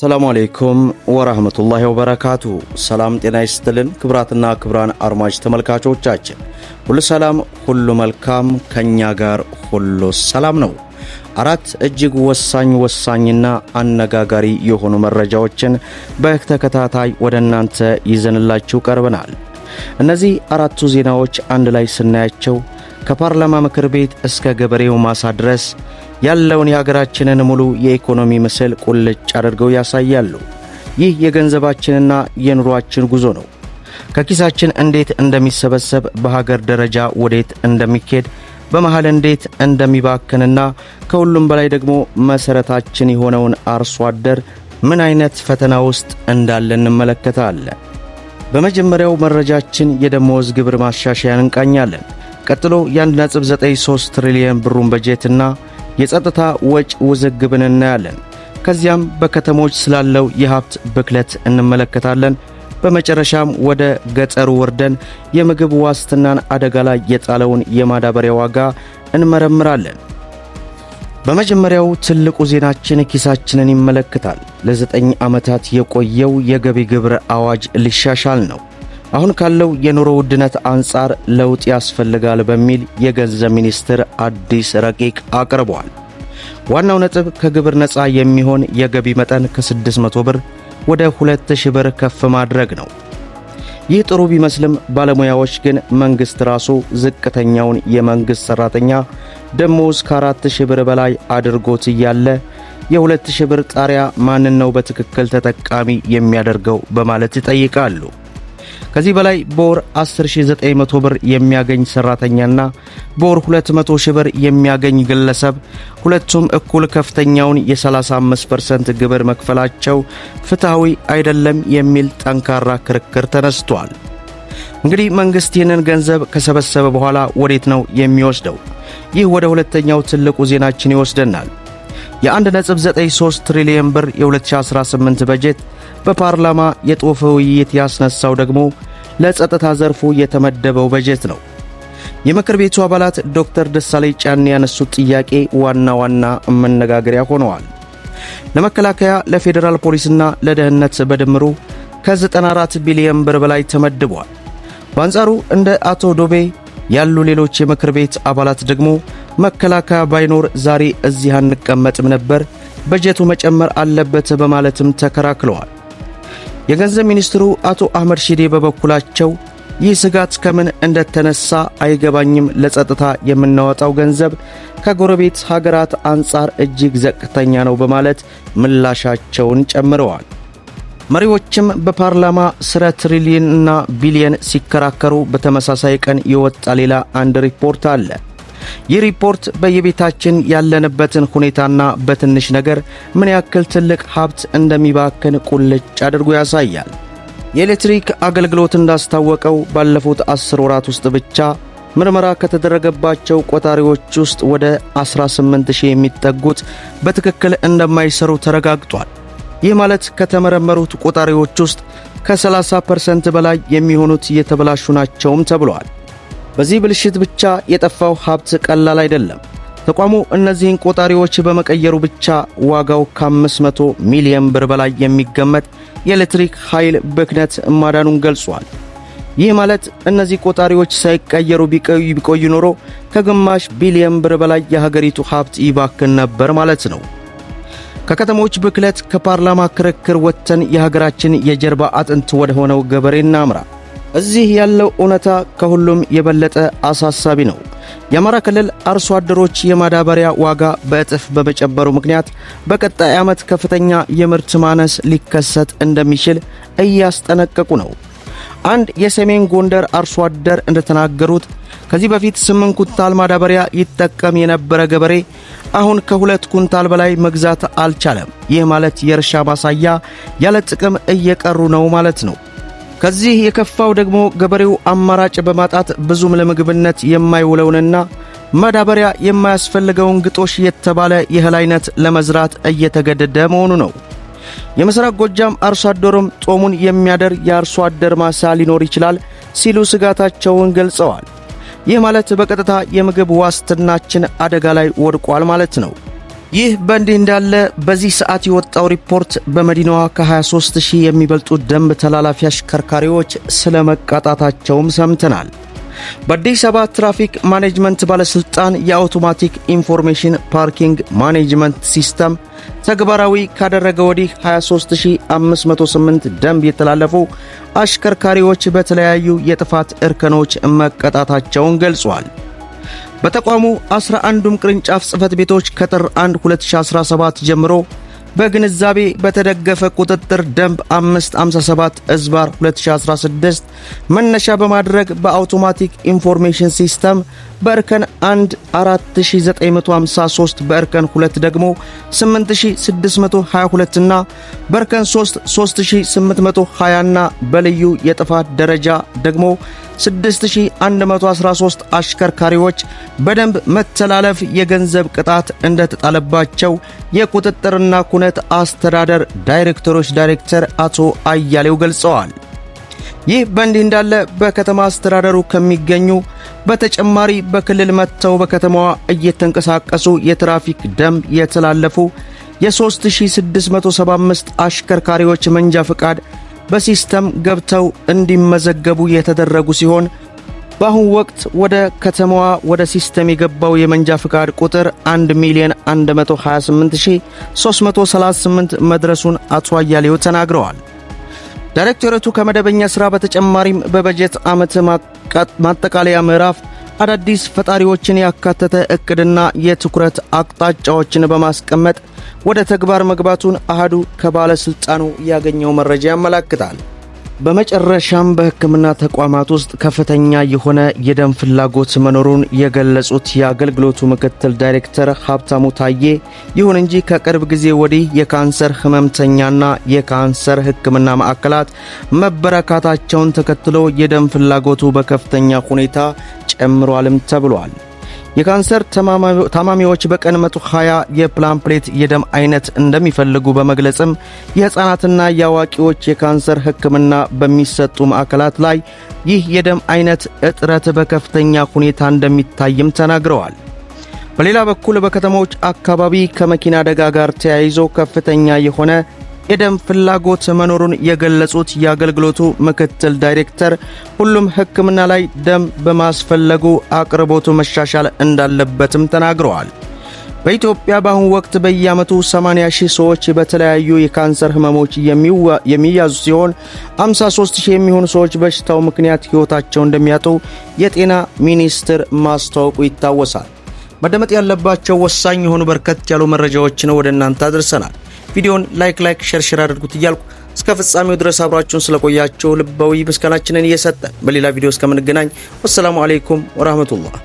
ሰላሙ አሌይኩም ወራህመቱላሂ ወበረካቱ። ሰላም ጤና ይስጥልን ክብራትና ክብራን አድማጭ ተመልካቾቻችን ሁሉ ሰላም፣ ሁሉ መልካም፣ ከእኛ ጋር ሁሉ ሰላም ነው። አራት እጅግ ወሳኝ ወሳኝና አነጋጋሪ የሆኑ መረጃዎችን በተከታታይ ወደ እናንተ ይዘንላችሁ ቀርበናል። እነዚህ አራቱ ዜናዎች አንድ ላይ ስናያቸው ከፓርላማ ምክር ቤት እስከ ገበሬው ማሳ ድረስ ያለውን የሀገራችንን ሙሉ የኢኮኖሚ ምስል ቁልጭ አድርገው ያሳያሉ። ይህ የገንዘባችንና የኑሯችን ጉዞ ነው። ከኪሳችን እንዴት እንደሚሰበሰብ በሀገር ደረጃ ወዴት እንደሚኬድ በመሃል እንዴት እንደሚባክንና ከሁሉም በላይ ደግሞ መሠረታችን የሆነውን አርሶ አደር ምን አይነት ፈተና ውስጥ እንዳለ እንመለከታለን። በመጀመሪያው መረጃችን የደሞዝ ግብር ማሻሻያን እንቃኛለን። ቀጥሎ የ1.93 ትሪሊየን ብሩን በጀትና የጸጥታ ወጪ ውዝግብን እናያለን። ከዚያም በከተሞች ስላለው የሀብት ብክለት እንመለከታለን። በመጨረሻም ወደ ገጠሩ ወርደን የምግብ ዋስትናን አደጋ ላይ የጣለውን የማዳበሪያ ዋጋ እንመረምራለን። በመጀመሪያው ትልቁ ዜናችን ኪሳችንን ይመለከታል። ለዘጠኝ ዓመታት የቆየው የገቢ ግብር አዋጅ ሊሻሻል ነው። አሁን ካለው የኑሮ ውድነት አንጻር ለውጥ ያስፈልጋል በሚል የገንዘብ ሚኒስትር አዲስ ረቂቅ አቅርቧል። ዋናው ነጥብ ከግብር ነፃ የሚሆን የገቢ መጠን ከ600 ብር ወደ 2000 ብር ከፍ ማድረግ ነው። ይህ ጥሩ ቢመስልም ባለሙያዎች ግን መንግሥት ራሱ ዝቅተኛውን የመንግሥት ሠራተኛ ደሞዝ ከ4000 ብር በላይ አድርጎት እያለ የ2000 ብር ጣሪያ ማንን ነው በትክክል ተጠቃሚ የሚያደርገው በማለት ይጠይቃሉ። ከዚህ በላይ በወር 10900 ብር የሚያገኝ ሰራተኛና በወር 200 ሺህ ብር የሚያገኝ ግለሰብ ሁለቱም እኩል ከፍተኛውን የ35% ግብር መክፈላቸው ፍትሐዊ አይደለም የሚል ጠንካራ ክርክር ተነስቷል። እንግዲህ መንግስት ይህንን ገንዘብ ከሰበሰበ በኋላ ወዴት ነው የሚወስደው? ይህ ወደ ሁለተኛው ትልቁ ዜናችን ይወስደናል። የ1.93 ትሪሊየን ብር የ2018 በጀት በፓርላማ የጦፈ ውይይት ያስነሳው ደግሞ ለጸጥታ ዘርፉ የተመደበው በጀት ነው። የምክር ቤቱ አባላት ዶክተር ደሳለኝ ጫኔ ያነሱት ጥያቄ ዋና ዋና መነጋገሪያ ሆነዋል። ለመከላከያ፣ ለፌዴራል ፖሊስና ለደህንነት በድምሩ ከ94 ቢሊዮን ብር በላይ ተመድቧል። በአንጻሩ እንደ አቶ ዶቤ ያሉ ሌሎች የምክር ቤት አባላት ደግሞ መከላከያ ባይኖር ዛሬ እዚህ አንቀመጥም ነበር፣ በጀቱ መጨመር አለበት በማለትም ተከራክለዋል። የገንዘብ ሚኒስትሩ አቶ አህመድ ሺዴ በበኩላቸው ይህ ስጋት ከምን እንደተነሳ አይገባኝም፣ ለጸጥታ የምናወጣው ገንዘብ ከጎረቤት ሀገራት አንጻር እጅግ ዘቅተኛ ነው በማለት ምላሻቸውን ጨምረዋል። መሪዎችም በፓርላማ ትሪሊየን ትሪሊየንና ቢሊየን ሲከራከሩ በተመሳሳይ ቀን የወጣ ሌላ አንድ ሪፖርት አለ። ይህ ሪፖርት በየቤታችን ያለንበትን ሁኔታና በትንሽ ነገር ምን ያክል ትልቅ ሀብት እንደሚባክን ቁልጭ አድርጎ ያሳያል። የኤሌክትሪክ አገልግሎት እንዳስታወቀው ባለፉት አስር ወራት ውስጥ ብቻ ምርመራ ከተደረገባቸው ቆጣሪዎች ውስጥ ወደ 18 ሺህ የሚጠጉት በትክክል እንደማይሰሩ ተረጋግጧል። ይህ ማለት ከተመረመሩት ቆጣሪዎች ውስጥ ከ30 በላይ የሚሆኑት የተበላሹ ናቸውም ተብሏል? በዚህ ብልሽት ብቻ የጠፋው ሀብት ቀላል አይደለም። ተቋሙ እነዚህን ቆጣሪዎች በመቀየሩ ብቻ ዋጋው ከ500 ሚሊዮን ብር በላይ የሚገመት የኤሌክትሪክ ኃይል ብክነት ማዳኑን ገልጿል። ይህ ማለት እነዚህ ቆጣሪዎች ሳይቀየሩ ቢቆዩ ኖሮ ከግማሽ ቢሊዮን ብር በላይ የሀገሪቱ ሀብት ይባክን ነበር ማለት ነው። ከከተሞች ብክለት፣ ከፓርላማ ክርክር ወጥተን የሀገራችን የጀርባ አጥንት ወደ ሆነው ገበሬ እናምራ። እዚህ ያለው እውነታ ከሁሉም የበለጠ አሳሳቢ ነው። የአማራ ክልል አርሶ አደሮች የማዳበሪያ ዋጋ በእጥፍ በመጨመሩ ምክንያት በቀጣይ ዓመት ከፍተኛ የምርት ማነስ ሊከሰት እንደሚችል እያስጠነቀቁ ነው። አንድ የሰሜን ጎንደር አርሶ አደር እንደተናገሩት ከዚህ በፊት ስምንት ኩንታል ማዳበሪያ ይጠቀም የነበረ ገበሬ አሁን ከሁለት ኩንታል በላይ መግዛት አልቻለም። ይህ ማለት የእርሻ ማሳያ ያለ ጥቅም እየቀሩ ነው ማለት ነው። ከዚህ የከፋው ደግሞ ገበሬው አማራጭ በማጣት ብዙም ለምግብነት የማይውለውንና ማዳበሪያ የማያስፈልገውን ግጦሽ የተባለ የእህል ዓይነት ለመዝራት እየተገደደ መሆኑ ነው። የምሥራቅ ጎጃም አርሶ አደሩም ጦሙን የሚያደር የአርሶ አደር ማሳ ሊኖር ይችላል ሲሉ ስጋታቸውን ገልጸዋል። ይህ ማለት በቀጥታ የምግብ ዋስትናችን አደጋ ላይ ወድቋል ማለት ነው። ይህ በእንዲህ እንዳለ በዚህ ሰዓት የወጣው ሪፖርት በመዲናዋ ከ23 ሺህ የሚበልጡ ደንብ ተላላፊ አሽከርካሪዎች ስለ መቀጣታቸውም ሰምተናል። በአዲስ አበባ ትራፊክ ማኔጅመንት ባለሥልጣን የአውቶማቲክ ኢንፎርሜሽን ፓርኪንግ ማኔጅመንት ሲስተም ተግባራዊ ካደረገ ወዲህ 23508 ደንብ የተላለፉ አሽከርካሪዎች በተለያዩ የጥፋት እርከኖች መቀጣታቸውን ገልጿል። በተቋሙ 11ዱም ቅርንጫፍ ጽህፈት ቤቶች ከጥር 1 2017 ጀምሮ በግንዛቤ በተደገፈ ቁጥጥር ደንብ 557 እዝባር 2016 መነሻ በማድረግ በአውቶማቲክ ኢንፎርሜሽን ሲስተም በእርከን 1 4953 በእርከን 2 ደግሞ 8622 እና በእርከን 3 3820 እና በልዩ የጥፋት ደረጃ ደግሞ 6113 አሽከርካሪዎች በደንብ መተላለፍ የገንዘብ ቅጣት እንደተጣለባቸው የቁጥጥርና ኩነት አስተዳደር ዳይሬክተሮች ዳይሬክተር አቶ አያሌው ገልጸዋል። ይህ በእንዲህ እንዳለ በከተማ አስተዳደሩ ከሚገኙ በተጨማሪ በክልል መጥተው በከተማዋ እየተንቀሳቀሱ የትራፊክ ደንብ የተላለፉ የ3675 አሽከርካሪዎች መንጃ ፈቃድ በሲስተም ገብተው እንዲመዘገቡ የተደረጉ ሲሆን በአሁኑ ወቅት ወደ ከተማዋ ወደ ሲስተም የገባው የመንጃ ፍቃድ ቁጥር 1 ሚሊዮን 128338 መድረሱን አቶ አያሌው ተናግረዋል። ዳይሬክቶሬቱ ከመደበኛ ሥራ በተጨማሪም በበጀት ዓመት ማጠቃለያ ምዕራፍ አዳዲስ ፈጣሪዎችን ያካተተ እቅድና የትኩረት አቅጣጫዎችን በማስቀመጥ ወደ ተግባር መግባቱን አሃዱ ከባለሥልጣኑ ያገኘው መረጃ ያመለክታል። በመጨረሻም በሕክምና ተቋማት ውስጥ ከፍተኛ የሆነ የደም ፍላጎት መኖሩን የገለጹት የአገልግሎቱ ምክትል ዳይሬክተር ሀብታሙ ታዬ፣ ይሁን እንጂ ከቅርብ ጊዜ ወዲህ የካንሰር ህመምተኛና የካንሰር ሕክምና ማዕከላት መበረካታቸውን ተከትሎ የደም ፍላጎቱ በከፍተኛ ሁኔታ ጨምሯልም ተብሏል። የካንሰር ታማሚዎች በቀን 120 የፕላምፕሌት የደም አይነት እንደሚፈልጉ በመግለጽም የሕፃናትና የአዋቂዎች የካንሰር ሕክምና በሚሰጡ ማዕከላት ላይ ይህ የደም አይነት እጥረት በከፍተኛ ሁኔታ እንደሚታይም ተናግረዋል። በሌላ በኩል በከተሞች አካባቢ ከመኪና አደጋ ጋር ተያይዞ ከፍተኛ የሆነ የደም ፍላጎት መኖሩን የገለጹት የአገልግሎቱ ምክትል ዳይሬክተር ሁሉም ሕክምና ላይ ደም በማስፈለጉ አቅርቦቱ መሻሻል እንዳለበትም ተናግረዋል። በኢትዮጵያ በአሁኑ ወቅት በየዓመቱ 80 ሺህ ሰዎች በተለያዩ የካንሰር ህመሞች የሚያዙ ሲሆን 53 ሺህ የሚሆኑ ሰዎች በሽታው ምክንያት ሕይወታቸው እንደሚያጡ የጤና ሚኒስቴር ማስታወቁ ይታወሳል። መደመጥ ያለባቸው ወሳኝ የሆኑ በርከት ያሉ መረጃዎችን ወደ እናንተ አድርሰናል። ቪዲዮን ላይክ ላይክ ሼር ሼር አድርጉት እያልኩ እስከ ፍጻሜው ድረስ አብራችሁን ስለቆያቸው ልባዊ ምስጋናችንን እየሰጠ በሌላ ቪዲዮ እስከምንገናኝ ወሰላሙ አለይኩም ወራህመቱላህ